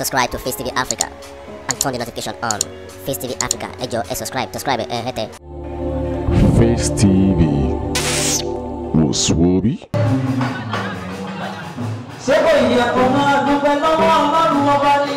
subscribe to Face TV Africa and turn the notification on. Face TV Africa, ejo, e subscribe, subscribe, eh, hete. Face TV Moswobi. Ṣé kò yẹ kó máa dúpẹ́ lọ́wọ́ Ọlọ́run ọba ni?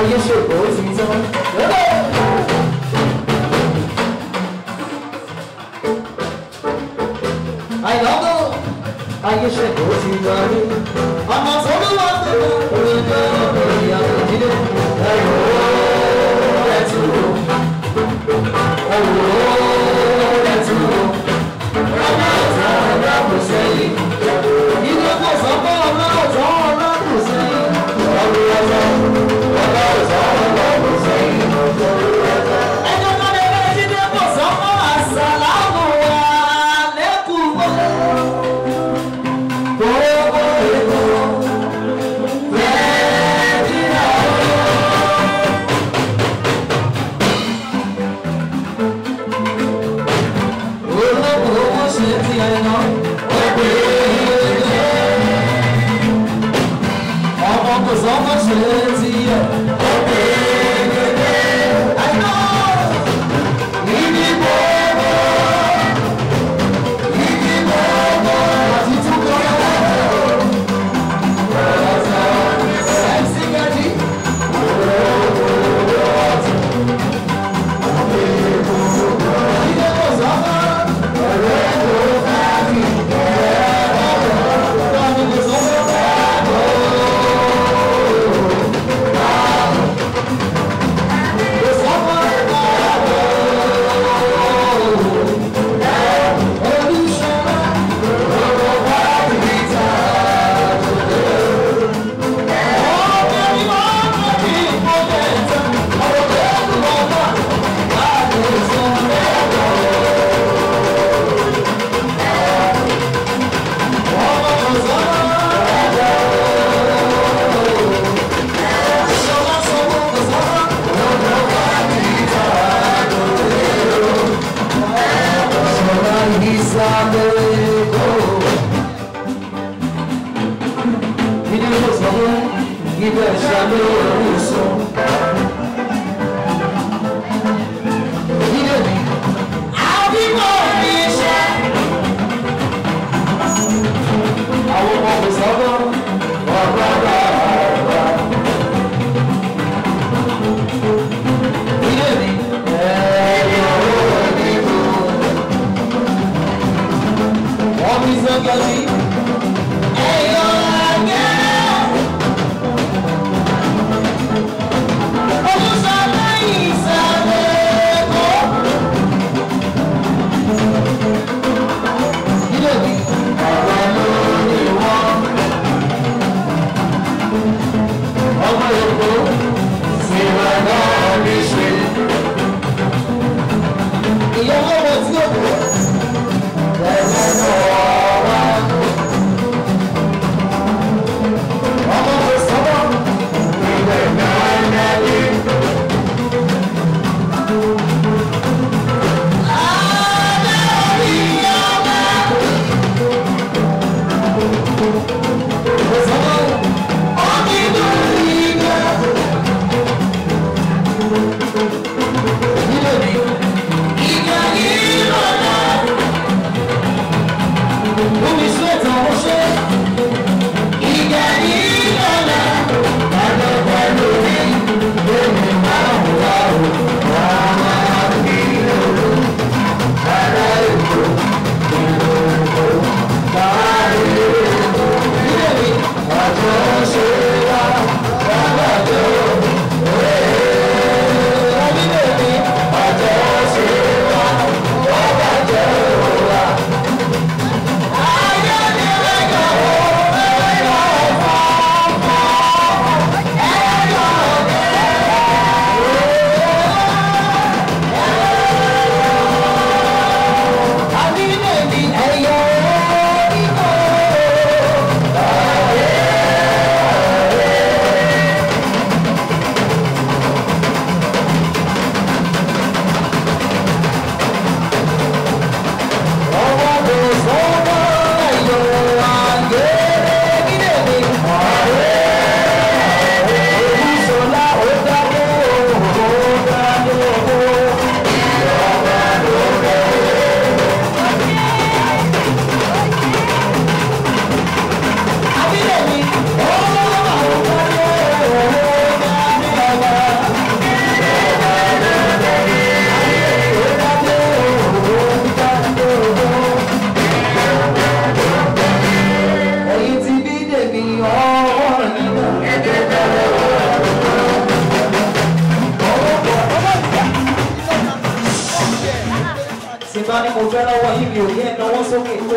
ayé ṣègbè ó ti tán. àyàwó ayé ṣègbè ó ti tán ní. ọmọ tó ló wá sí i òwe jẹ́ ọ̀rọ̀ ìyàwó ìdílé. ẹ̀rọ ẹ̀tù ẹ̀rọ.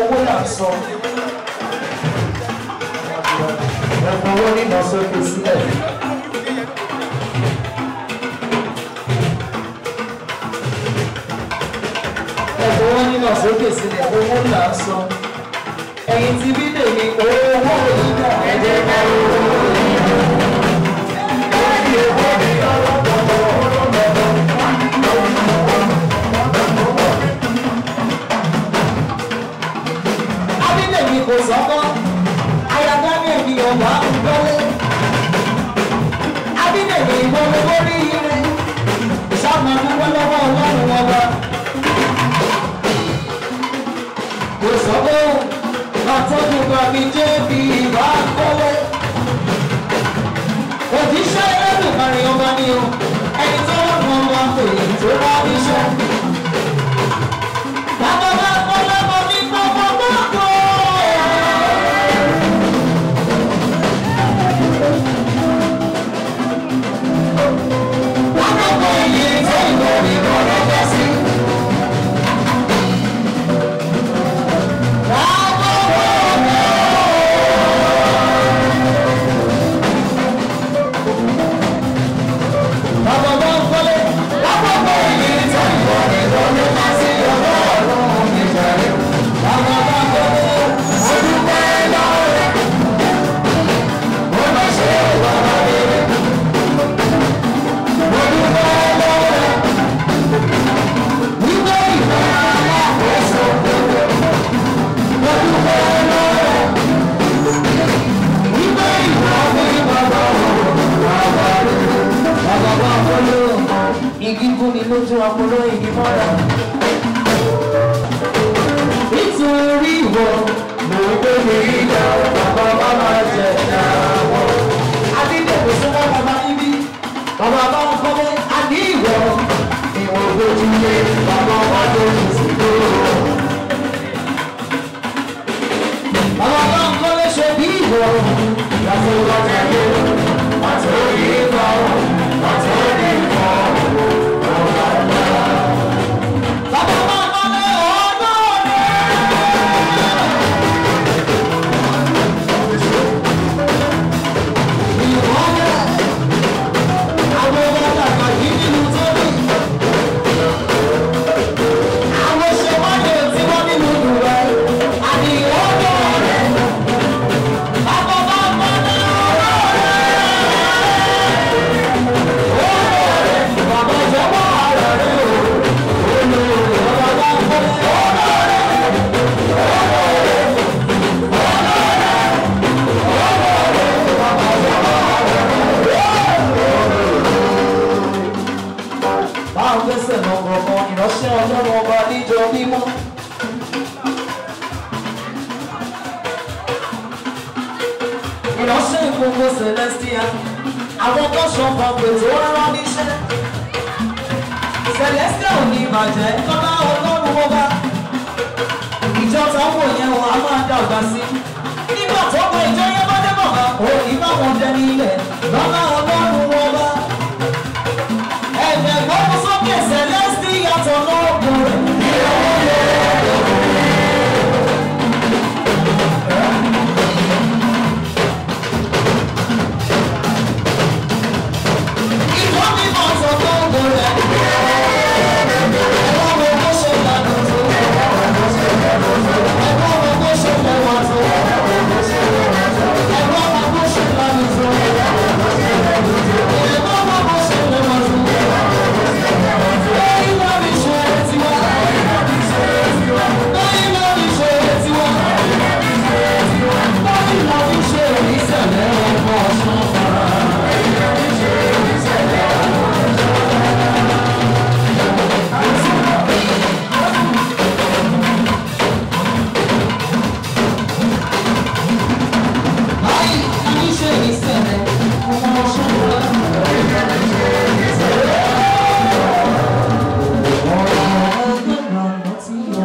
owó là ń sọ. ẹ̀fọn owó sílẹ̀. ẹ̀fọn owó nínà sókè sílẹ̀ owó là ń sọ. bí Senhor, da sua glória, a sua àwọn tó sọ kan pé tó rán níṣẹ́. celestial ò ní ìbàjẹ́ tọ́lá ọlọ́run ọba ìjọba owó yẹn wọn a máa dá ọ̀gá sí. nígbà tó pé ìjọ yẹn bá dé bàbá ò ní bá wọn dẹni ilẹ̀ lọ́lá ọlọ́run ọba. ẹ̀jẹ̀ gbọ́dọ̀ sókè celestial yàtọ̀ náà.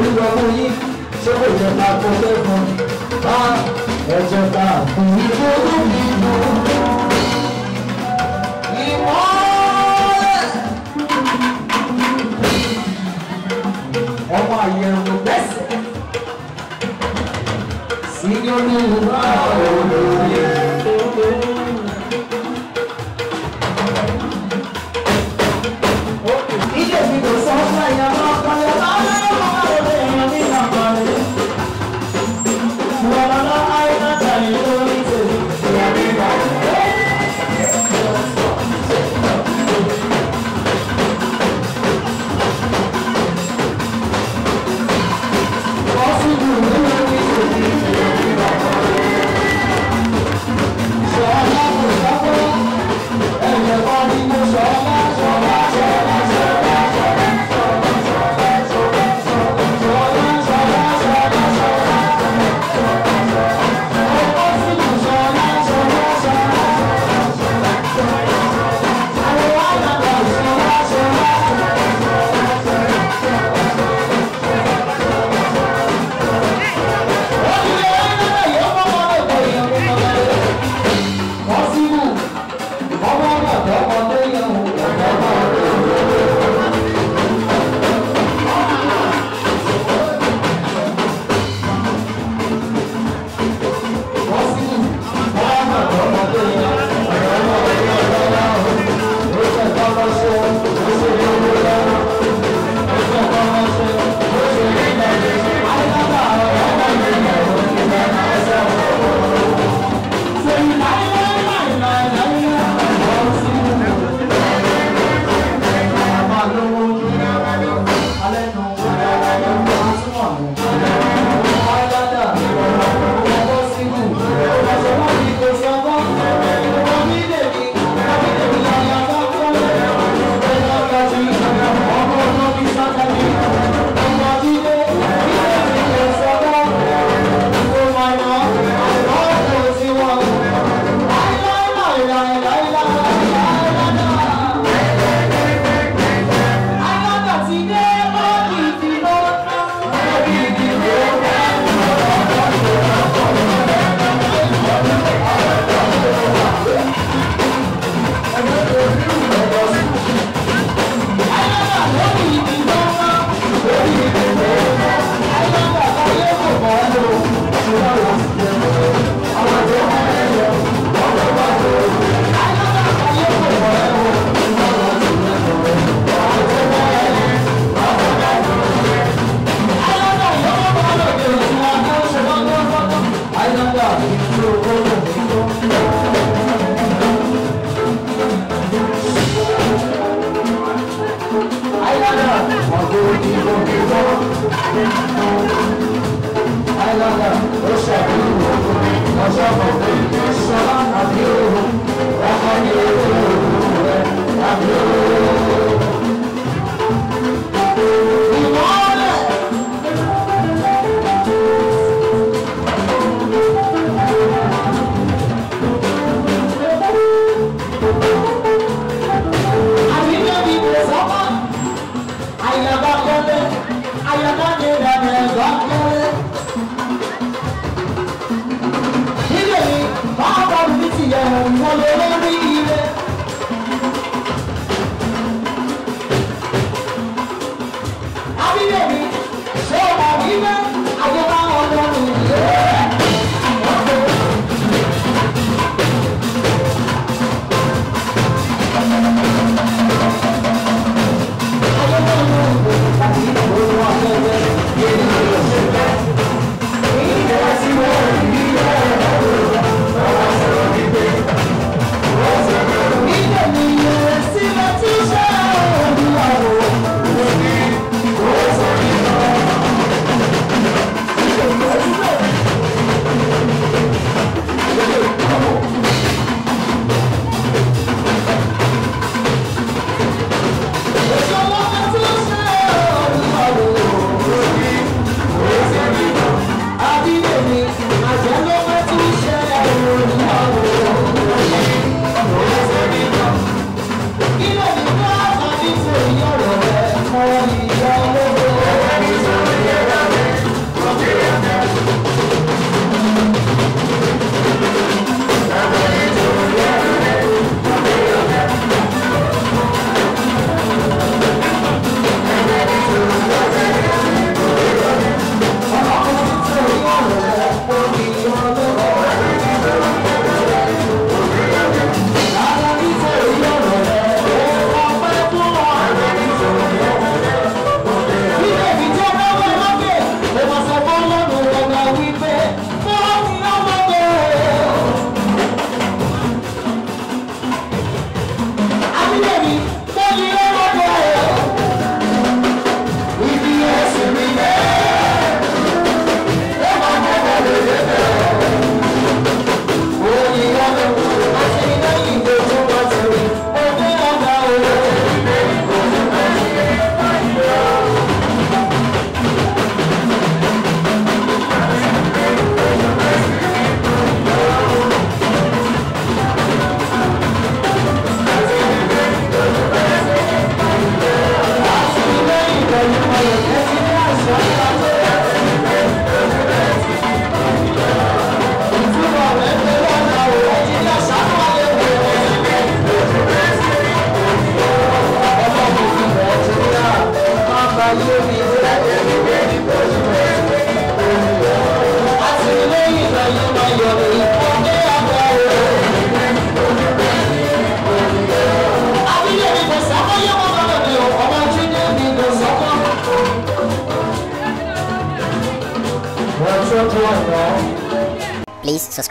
olúwa fún yín ṣé kò jẹ́ ká kọ́ sẹ́gun bá ẹ̀jẹ̀ ká kù ìfowó mi lò. ọmọ àyẹ̀wò bẹ́sẹ̀ sí ní onílù bá òun lò yẹ.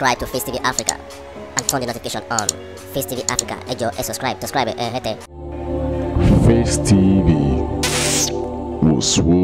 subscribe to Face TV Africa and turn the notification on. Face TV Africa, ejo, hey, subscribe, subscribe, eh, eh hey, Face TV was